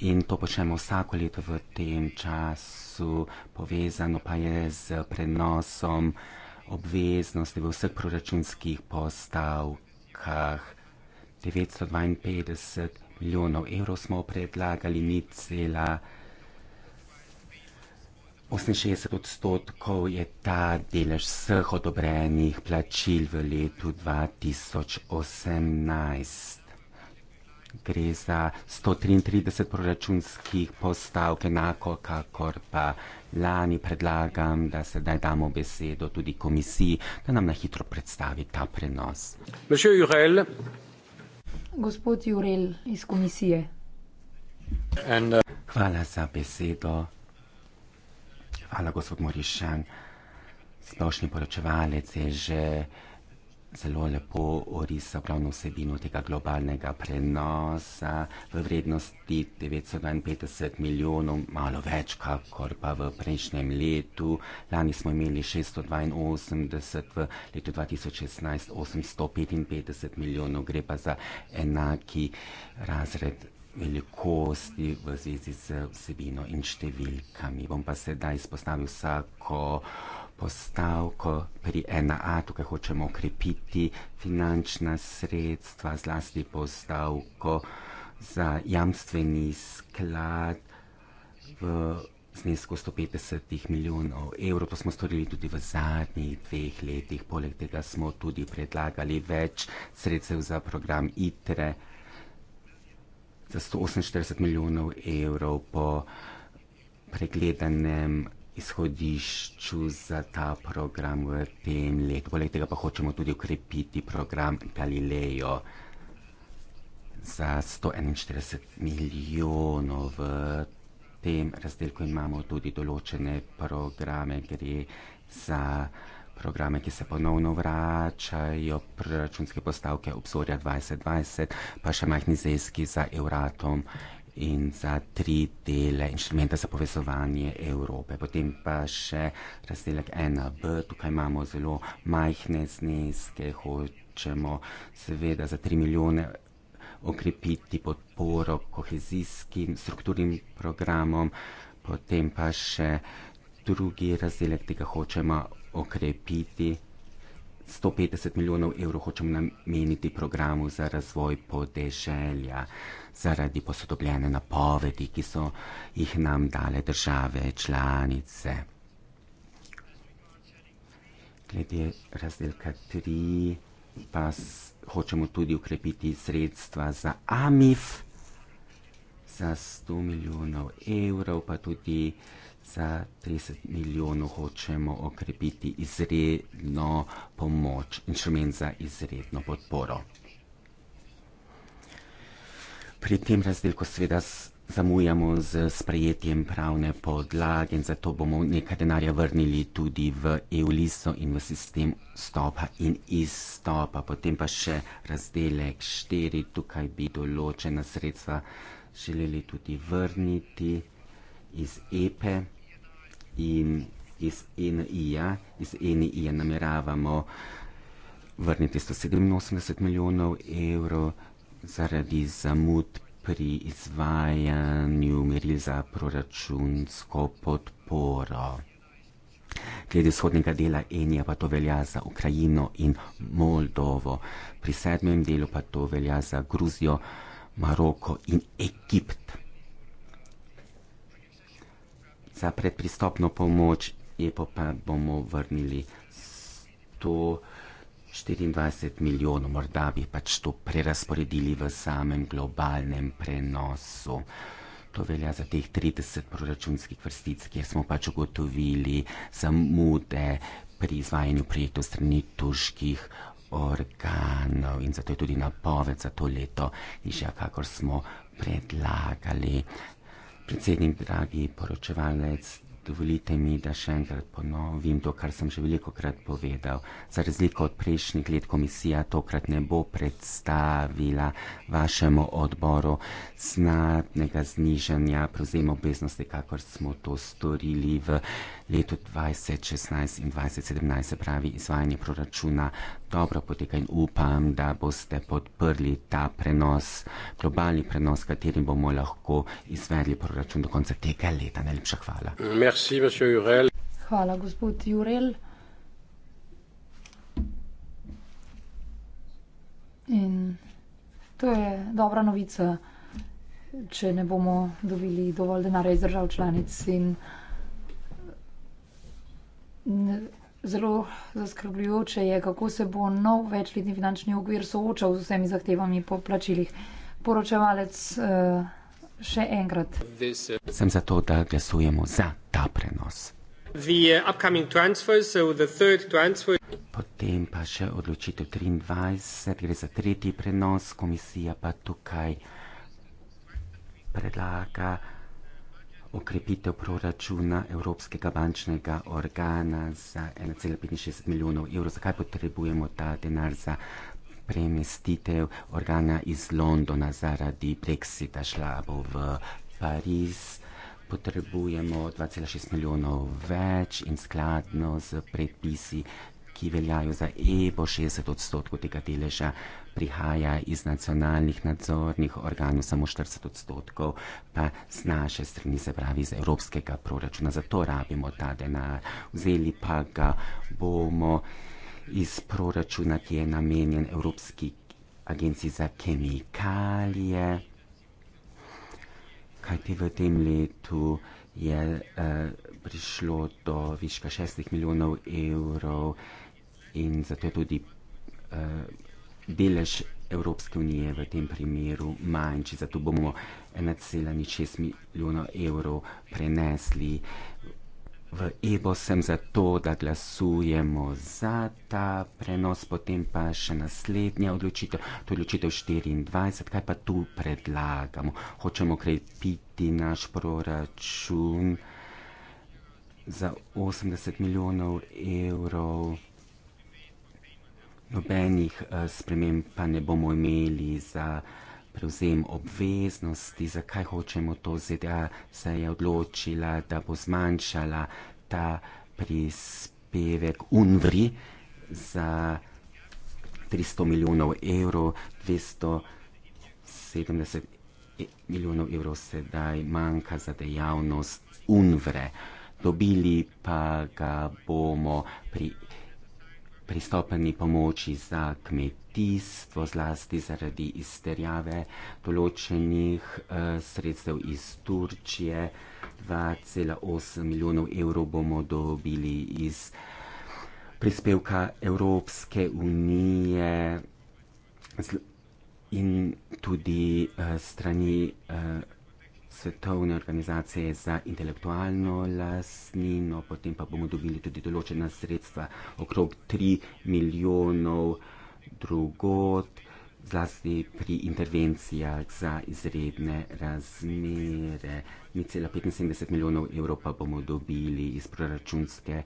Speaker 2: In to počnemo vsako leto v tem času, povezano pa je z prenosom obveznosti v vseh proračunskih postavkah. 952 milijonov evrov smo predlagali, ni cela 68 odstotkov je ta delež vseh odobrenih plačil v letu 2018. Gre za 133 proračunskih postavk, enako kakor pa lani predlagam, da sedaj damo besedo tudi komisiji, da nam na hitro predstavi ta prenos. Monsieur Jurel,
Speaker 1: gospod Jurel iz komisije.
Speaker 2: And, uh... Hvala za besedo. Hvala, gospod Morišan. Splošni poročevalec je že zelo lepo orisal glavno vsebino tega globalnega prenosa v vrednosti 952 milijonov, malo več kakor pa v prejšnjem letu. Lani smo imeli 682, v letu 2016 855 milijonov, gre pa za enaki razred velikosti v zvezi z vsebino in številkami. Bom pa sedaj izpostavil vsako postavko pri NAA, tukaj hočemo okrepiti finančna sredstva, zlasti postavko za jamstveni sklad v znesku 150 milijonov evrov. To smo storili tudi v zadnjih dveh letih. Poleg tega smo tudi predlagali več sredstev za program ITRE za 148 milijonov evrov po pregledanem izhodišču za ta program v tem letu. Poleg tega pa hočemo tudi ukrepiti program Galileo za 141 milijonov. V tem razdelku imamo tudi določene programe, gre za programe, ki se ponovno vračajo, proračunske postavke obzorja 2020, pa še majhni zeski za Euratom in za tri dele inštrumenta za povezovanje Evrope. Potem pa še razdelek 1B, tukaj imamo zelo majhne zneske, hočemo seveda za 3 milijone okrepiti podporo kohezijskim strukturnim programom, potem pa še drugi razdelek tega hočemo okrepiti 150 milijonov evrov hočemo nameniti programu za razvoj podeželja zaradi posodobljene napovedi, ki so jih nam dale države članice. Glede razdelka 3 pa hočemo tudi ukrepiti sredstva za AMIF za 100 milijonov evrov, pa tudi za 30 milijonov hočemo okrepiti izredno pomoč, inštrument za izredno podporo. Pri tem razdelku seveda zamujamo z sprejetjem pravne podlage in zato bomo nekaj denarja vrnili tudi v EU-listo in v sistem stopa in izstopa. Potem pa še razdelek 4, tukaj bi določena sredstva želeli tudi vrniti iz EPE in iz NIA, iz NIA nameravamo vrniti 187 milijonov evrov zaradi zamud pri izvajanju meril za proračunsko podporo. Glede vzhodnega dela Enija pa to velja za Ukrajino in Moldovo. Pri sedmem delu pa to velja za Gruzijo, Maroko in Egipt za predpristopno pomoč, EPO pa bomo vrnili 124 milijonov, morda bi pač to prerasporedili v samem globalnem prenosu. To velja za teh 30 proračunskih vrstic, kjer smo pač ugotovili zamude pri izvajanju projektov strani tuških organov in zato je tudi napoved za to leto nižja, kakor smo predlagali predsednik, dragi poročevalec, dovolite mi, da še enkrat ponovim to, kar sem že veliko krat povedal. Za razliko od prejšnjih let komisija tokrat ne bo predstavila vašemu odboru znatnega znižanja prevzema obveznosti, kakor smo to storili v letu 2016 in 2017, se pravi izvajanje proračuna, dobro poteka in upam, da boste podprli ta prenos, globalni prenos, katerim bomo lahko izvedli proračun do konca tega leta. Najlepša hvala. Merci,
Speaker 1: hvala, gospod Jurel. In to je dobra novica, če ne bomo dobili dovolj denarja iz držav članic. In, uh, Zelo zaskrbljujoče je, kako se bo nov večletni finančni okvir soočal z vsemi zahtevami po plačilih. Poročevalec eh, še enkrat.
Speaker 2: Sem za to, da glasujemo za ta prenos. Uh, Potem pa še odločitev 23, gre za tretji prenos, komisija pa tukaj predlaga okrepitev proračuna Evropskega bančnega organa za 1,65 milijonov evrov. Zakaj potrebujemo ta denar za premestitev organa iz Londona zaradi Brexita šlabo v Pariz? Potrebujemo 2,6 milijonov več in skladno z predpisi, ki veljajo za EBO 60 odstotkov tega deleža prihaja iz nacionalnih nadzornih organov, samo 40 odstotkov pa z naše strani, se pravi iz evropskega proračuna. Zato rabimo ta denar. Vzeli pa ga bomo iz proračuna, ki je namenjen Evropski agenciji za kemikalije. Kaj ti v tem letu je uh, prišlo do viška 6 milijonov evrov in zato je tudi uh, delež Evropske unije v tem primeru manjši. Zato bomo 1,6 milijona evrov prenesli v Evo. Sem zato, da glasujemo za ta prenos, potem pa še naslednja odločitev, to je odločitev 24. Kaj pa tu predlagamo? Hočemo krepiti naš proračun za 80 milijonov evrov. Nobenih eh, sprememb pa ne bomo imeli za prevzem obveznosti, zakaj hočemo to ZDA, se je odločila, da bo zmanjšala ta prispevek UNVRI za 300 milijonov evrov, 270 e, milijonov evrov sedaj manjka za dejavnost UNVRE. Dobili pa ga bomo pri pristopeni pomoči za kmetijstvo, zlasti zaradi izterjave določenih eh, sredstev iz Turčije. 2,8 milijonov evrov bomo dobili iz prispevka Evropske unije in tudi eh, strani eh, svetovne organizacije za intelektualno lasnino, potem pa bomo dobili tudi določena sredstva, okrog 3 milijonov drugot, zlasti pri intervencijah za izredne razmere. 0,75 milijonov evrov pa bomo dobili iz proračunske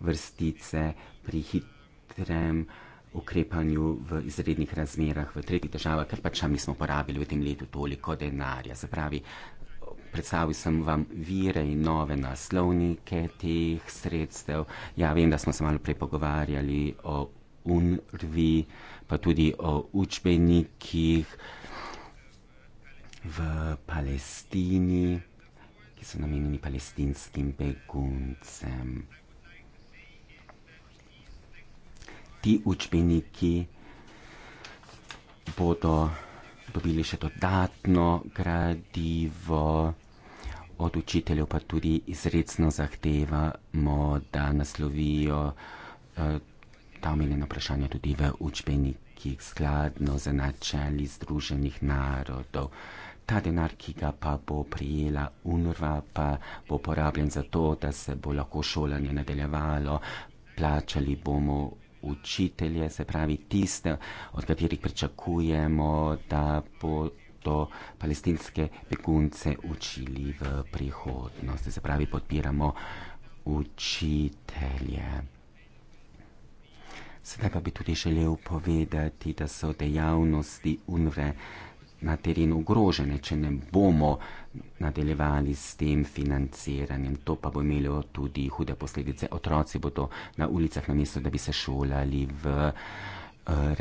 Speaker 2: vrstice pri hitrem ukrepanju v izrednih razmerah v tretjih državah, ker pač mi smo porabili v tem letu toliko denarja. Se pravi, predstavil sem vam vire in nove naslovnike teh sredstev. Ja, vem, da smo se malo prej pogovarjali o UNRVI, pa tudi o učbenikih v Palestini, ki so namenjeni palestinskim beguncem. Ti učbeniki bodo dobili še dodatno gradivo. Od učiteljev pa tudi izredno zahtevamo, da naslovijo eh, ta omenjena vprašanja tudi v učbenikih, skladno z načeli Združenih narodov. Ta denar, ki ga pa bo prijela UNRWA, pa bo porabljen za to, da se bo lahko šolanje nadaljevalo, plačali bomo učitelje, se pravi tiste, od katerih pričakujemo, da bodo palestinske begunce učili v prihodnosti. Se pravi, podpiramo učitelje. Sedaj pa bi tudi želel povedati, da so dejavnosti UNRE na terenu ogrožene, če ne bomo nadaljevali s tem financiranjem. To pa bo imelo tudi hude posledice. Otroci bodo na ulicah, namesto da bi se šolali v eh,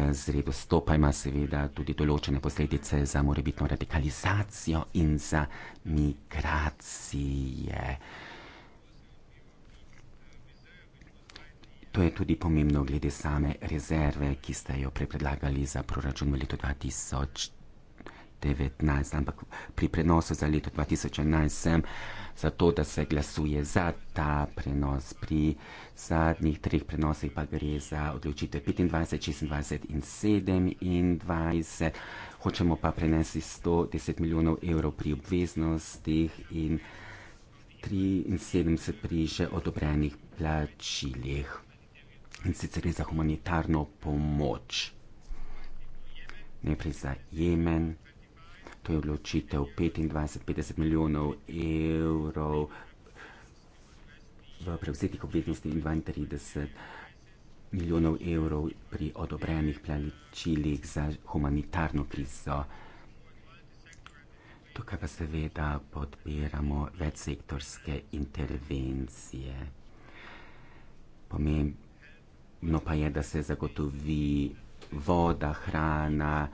Speaker 2: razredu. To pa ima seveda tudi določene posledice za morebitno radikalizacijo in za migracije. To je tudi pomembno glede same rezerve, ki ste jo prepredlagali za proračun v letu 2020. 2019, ampak pri prenosu za leto 2011 sem za to, da se glasuje za ta prenos. Pri zadnjih treh prenosih pa gre za odločitev 25, 26 in 27. Hočemo pa prenesti 110 milijonov evrov pri obveznostih in 73 pri že odobrenih plačilih. In sicer gre za humanitarno pomoč. Najprej za Jemen, to je odločitev 25-50 milijonov evrov v prevzetih obveznosti in 32 milijonov evrov pri odobrenih plačilih za humanitarno krizo. Tukaj pa seveda podpiramo večsektorske intervencije. Pomembno pa je, da se zagotovi voda, hrana,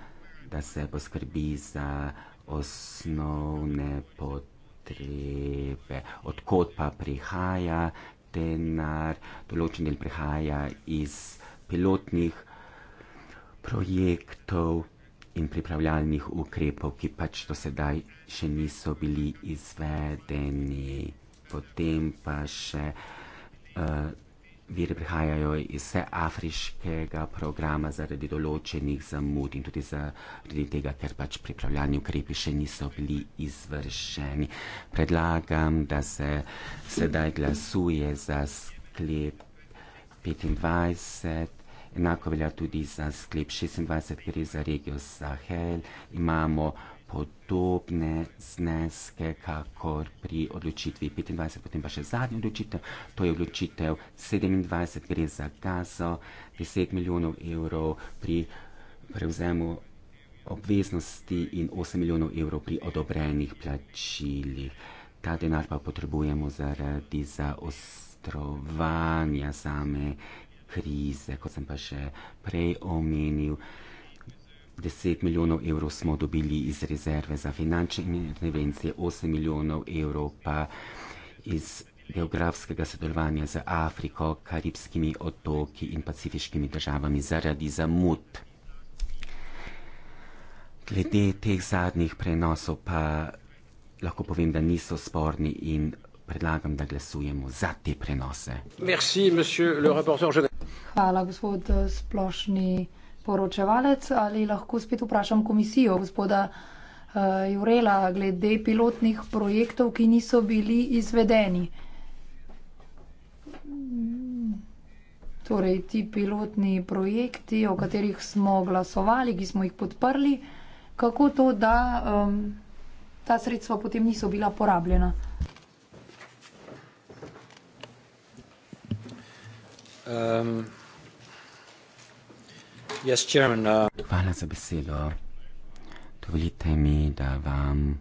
Speaker 2: da se poskrbi za osnovne potrebe. Odkot pa prihaja denar, določen del prihaja iz pilotnih projektov in pripravljalnih ukrepov, ki pač do sedaj še niso bili izvedeni. Potem pa še uh, Viri prihajajo iz afriškega programa zaradi določenih zamud in tudi zaradi tega, ker pač pripravljalni ukrepi še niso bili izvršeni. Predlagam, da se sedaj glasuje za sklep 25, enako velja tudi za sklep 26, ker je za regijo Sahel. Imamo podobne zneske, kakor pri odločitvi 25, potem pa še zadnja odločitev, to je odločitev 27, gre za gazo, 10 milijonov evrov pri prevzemu obveznosti in 8 milijonov evrov pri odobrenih plačilih. Ta denar pa potrebujemo zaradi zaostrovanja same krize, kot sem pa še prej omenil. 10 milijonov evrov smo dobili iz rezerve za finančne intervencije, 8 milijonov evrov pa iz geografskega sodelovanja z Afriko, Karibskimi otoki in pacifiškimi državami zaradi zamud. Glede teh zadnjih prenosov pa lahko povem, da niso sporni in predlagam, da glasujemo za te prenose. Merci, monsieur,
Speaker 1: Hvala, gospod eh, splošni poročevalec, ali lahko spet vprašam komisijo gospoda uh, Jurela glede pilotnih projektov, ki niso bili izvedeni. Torej, ti pilotni projekti, o katerih smo glasovali, ki smo jih podprli, kako to, da um, ta sredstva potem niso bila porabljena?
Speaker 2: Um. Uh, Hvala za besedo. Dovolite mi, da vam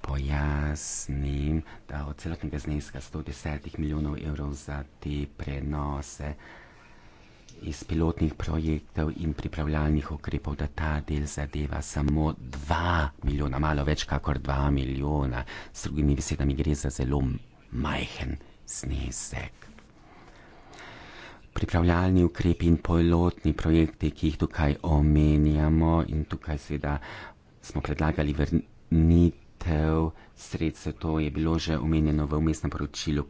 Speaker 2: pojasnim, da od celotnega zneska 110 milijonov evrov za te prenose iz pilotnih projektov in pripravljalnih ukrepov, da ta del zadeva samo 2 milijona, malo več kot 2 milijona. S drugimi besedami gre za zelo majhen znesek pripravljalni ukrepi in pilotni projekti, ki jih tukaj omenjamo in tukaj seveda smo predlagali vrnitev sredstev, to je bilo že omenjeno v umestnem poročilu,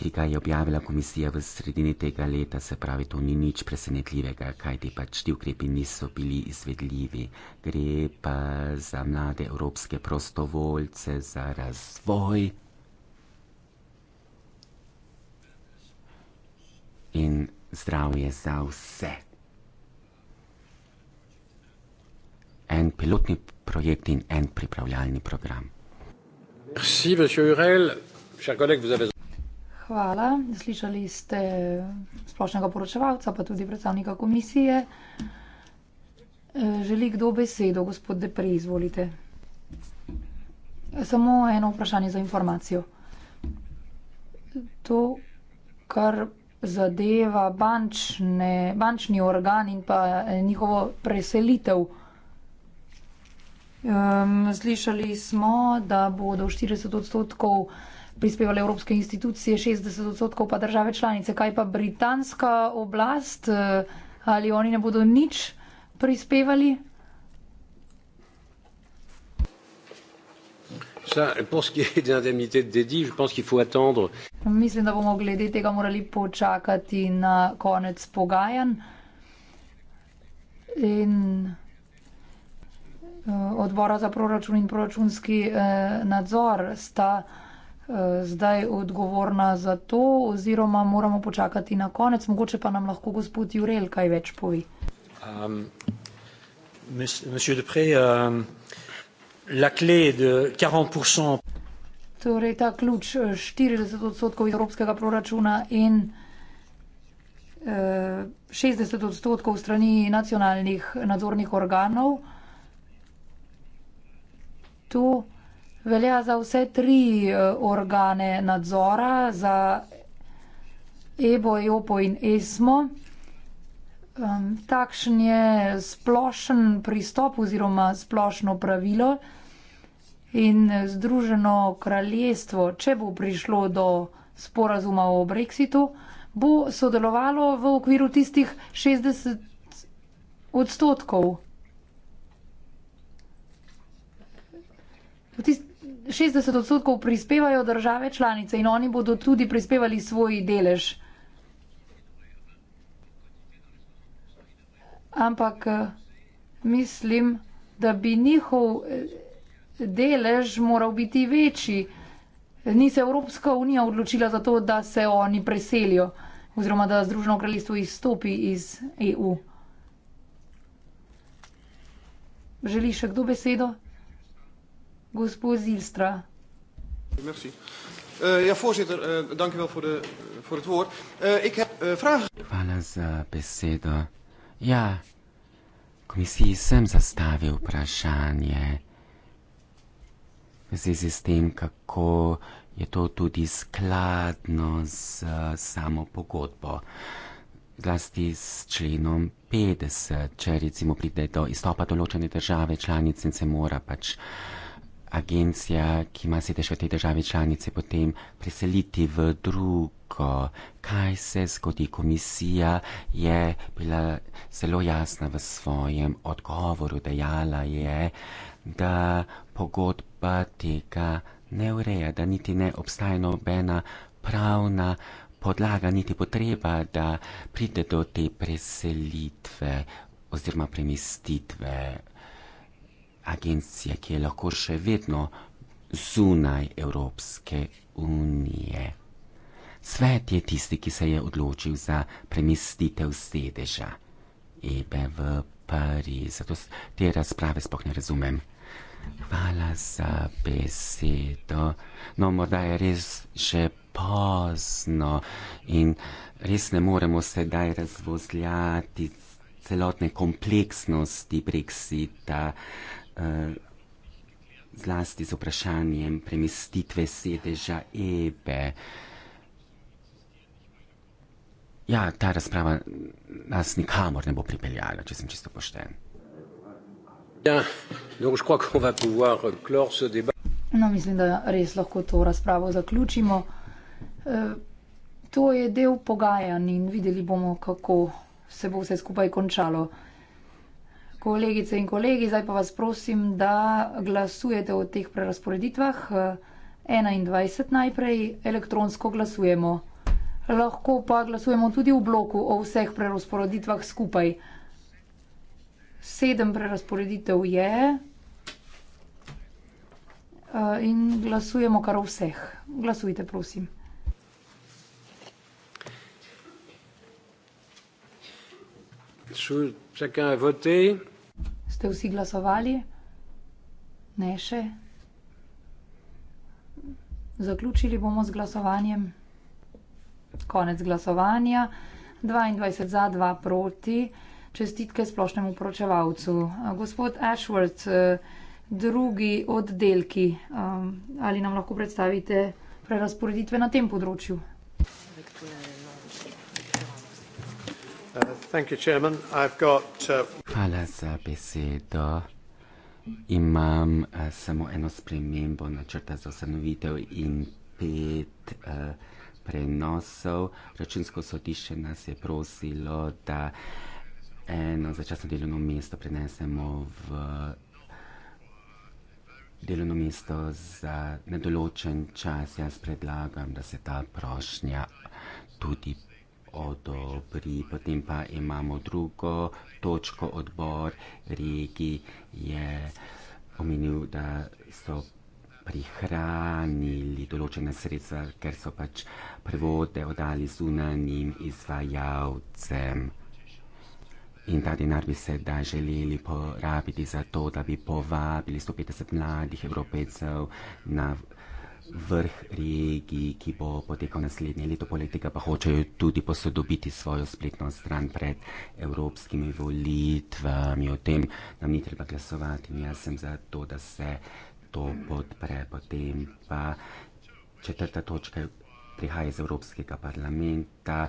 Speaker 2: ki ga je objavila komisija v sredini tega leta, se pravi, to ni nič presenetljivega, kajti pač ti ukrepi niso bili izvedljivi. Gre pa za mlade evropske prostovoljce, za razvoj in zdravje za vse. En pilotni projekt in en pripravljalni program.
Speaker 1: Merci, Urel. Collègue, vous avez... Hvala. Slišali ste splošnega poročevalca, pa tudi predstavnika komisije. E, želi kdo besedo, gospod Depri, izvolite. Samo eno vprašanje za informacijo. To, kar zadeva bančne, bančni organ in pa eh, njihovo preselitev. Um, slišali smo, da bodo 40 odstotkov prispevali evropske institucije, 60 odstotkov pa države članice. Kaj pa britanska oblast, eh, ali oni ne bodo nič prispevali? Mislim, da bomo glede tega morali počakati na konec pogajanj. In eh, odbora za proračun in proračunski eh, nadzor sta eh, zdaj odgovorna za to, oziroma moramo počakati na konec. Mogoče pa nam lahko gospod Jurel kaj več pove.
Speaker 2: Um, mis, la clé de 40%.
Speaker 1: Torej, ta ključ 40 eh, odstotkov evropskega proračuna in eh, 60 odstotkov strani nacionalnih nadzornih organov. To velja za vse tri eh, organe nadzora, za EBO, EOPO in ESMO. Um, ehm, takšen je splošen pristop oziroma splošno pravilo in Združeno kraljestvo, če bo prišlo do sporazuma o Brexitu, bo sodelovalo v okviru tistih 60 odstotkov. Tist 60 odstotkov prispevajo države članice in oni bodo tudi prispevali svoj delež. Ampak mislim, da bi njihov delež moral biti večji. Ni se Evropska unija odločila za to, da se oni preselijo oziroma da Združeno kraljestvo izstopi iz EU. Želi še kdo besedo? Gospod Zilstra.
Speaker 2: Eh, ja, voorzitter, eh, dankjewel voor, de, voor het woord. Eh, ik heb vragen. Hvala za besedo. Ja, komisiji sem zastavil vprašanje zvezi s tem, kako je to tudi skladno z samo pogodbo. Zlasti s členom 50, če recimo pride do izstopa določene države, članice in se mora pač agencija, ki ima sedež v tej državi članice, potem preseliti v drugo, kaj se zgodi. Komisija je bila zelo jasna v svojem odgovoru, dejala je, da pogodba tega ne ureja, da niti ne obstaja nobena pravna podlaga, niti potreba, da pride do te preselitve oziroma premestitve agencije, ki je lahko še vedno zunaj Evropske unije. Svet je tisti, ki se je odločil za premestitev sedeža Ebe v Pariz. Zato te razprave spoh ne razumem. Hvala za besedo. No, morda je res že pozno in res ne moremo sedaj razvozljati celotne kompleksnosti Brexita. Eh, zlasti z vprašanjem premestitve sedeža Ebe. Ja, ta razprava nas nikamor ne bo pripeljala, če sem čisto pošten.
Speaker 1: No, mislim, da res lahko to razpravo zaključimo. Eh, to je del pogajanj in videli bomo, kako se bo vse skupaj končalo kolegice in kolegi, zdaj pa vas prosim, da glasujete o teh prerasporeditvah. 21 najprej elektronsko glasujemo. Lahko pa glasujemo tudi v bloku o vseh prerasporeditvah skupaj. Sedem prerasporeditev je eh, in glasujemo kar o vseh. Glasujte, prosim. Ste vsi glasovali? Ne še. Zaključili bomo z glasovanjem. Konec glasovanja. 22 za, 2 proti. Čestitke splošnemu poročevalcu. Gospod Ashworth, eh, drugi oddelki. Eh, ali nam lahko predstavite prerasporeditve na tem področju? Uh,
Speaker 2: Hvala za besedo. Imam uh, samo eno spremembo načrta za ustanovitev in pet uh, prenosov. Računsko sodišče nas je prosilo, da eno začasno delovno mesto prenesemo v delovno mesto za nedoločen čas. Jaz predlagam, da se ta prošnja tudi odobri. Potem pa imamo drugo točko odbor regi je omenil, da so prihranili določena sredstva, ker so pač prevode oddali zunanjim izvajalcem. In ta denar bi se da želeli porabiti za to, da bi povabili 150 mladih evropejcev na vrh regiji, ki bo potekal naslednje leto, poleg tega pa hočejo tudi posodobiti svojo spletno stran pred evropskimi volitvami. O tem nam ni treba glasovati, jaz sem za to, da se to podpre. Potem pa četrta točka prihaja iz Evropskega parlamenta.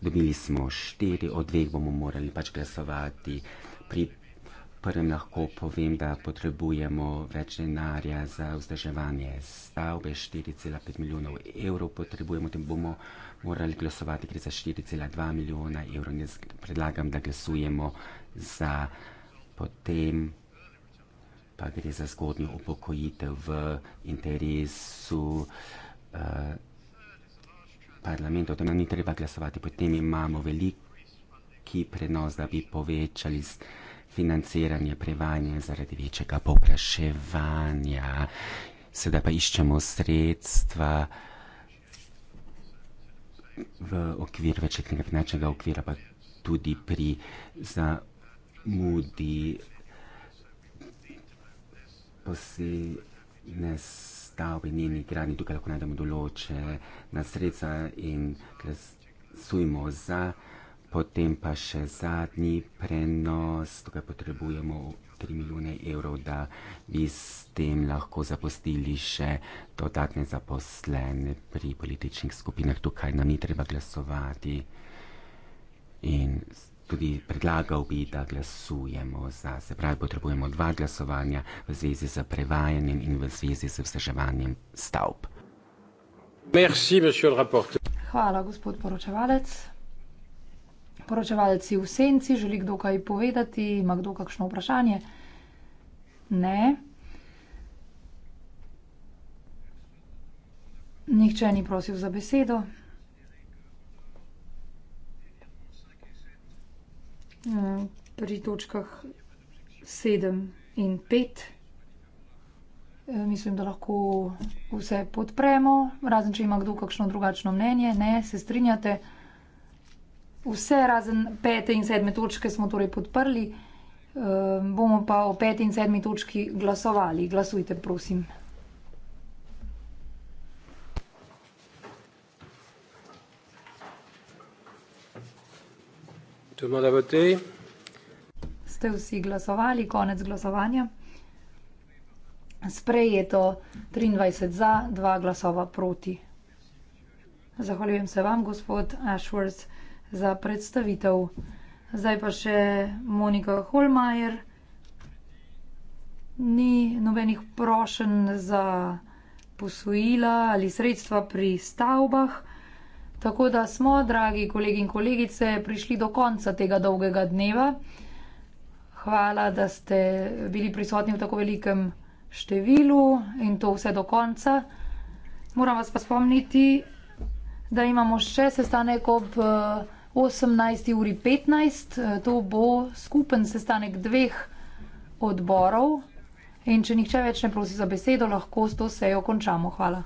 Speaker 2: Dobili smo štiri, od dveh bomo morali pač glasovati. Pri prvem lahko povem, da potrebujemo več denarja za vzdrževanje stavbe, 4,5 milijonov evrov potrebujemo, potem bomo morali glasovati, gre za 4,2 milijona evrov. Jaz predlagam, da glasujemo za potem, pa gre za zgodnjo upokojitev v interesu uh, parlamentov, da nam ni treba glasovati. Potem imamo veliki prenos, da bi povečali. Z, uh, financiranje prevajanja zaradi večjega popraševanja. Sedaj pa iščemo sredstva v okvir večletnega finančnega okvira, pa tudi pri zamudi posebne stavbe njeni gradni. Tukaj lahko najdemo določena sredstva in glasujmo za potem pa še zadnji prenos, tukaj potrebujemo 3 milijone evrov, da bi s tem lahko zapustili še dodatne zaposlene pri političnih skupinah. Tukaj nam ni treba glasovati in tudi predlagal bi, da glasujemo za. Se pravi, potrebujemo dva glasovanja v zvezi z prevajanjem in v zvezi z vzdrževanjem stavb. Merci,
Speaker 1: Hvala, gospod poročevalec poročevalci v senci, želi kdo kaj povedati, ima kdo kakšno vprašanje? Ne. Nihče ni prosil za besedo. Pri točkah sedem in pet eh, mislim, da lahko vse podpremo, razen če ima kdo kakšno drugačno mnenje. Ne, se strinjate? Vse razen pete in sedme točke smo torej podprli, e, bomo pa o peti in sedmi točki glasovali. Glasujte, prosim. Ste vsi glasovali, konec glasovanja. Sprejeto 23 za, 2 glasova proti. Zahvaljujem se vam, gospod Ashworth za predstavitev. Zdaj pa še Monika Holmajer. Ni nobenih prošen za posojila ali sredstva pri stavbah. Tako da smo, dragi kolegi in kolegice, prišli do konca tega dolgega dneva. Hvala, da ste bili prisotni v tako velikem številu in to vse do konca. Moram vas pa spomniti, da imamo še sestanek ob. Uh, 18.15, eh, to bo skupen sestanek dveh odborov. In če nihče več ne prosi za besedo, lahko s to sejo končamo. Hvala.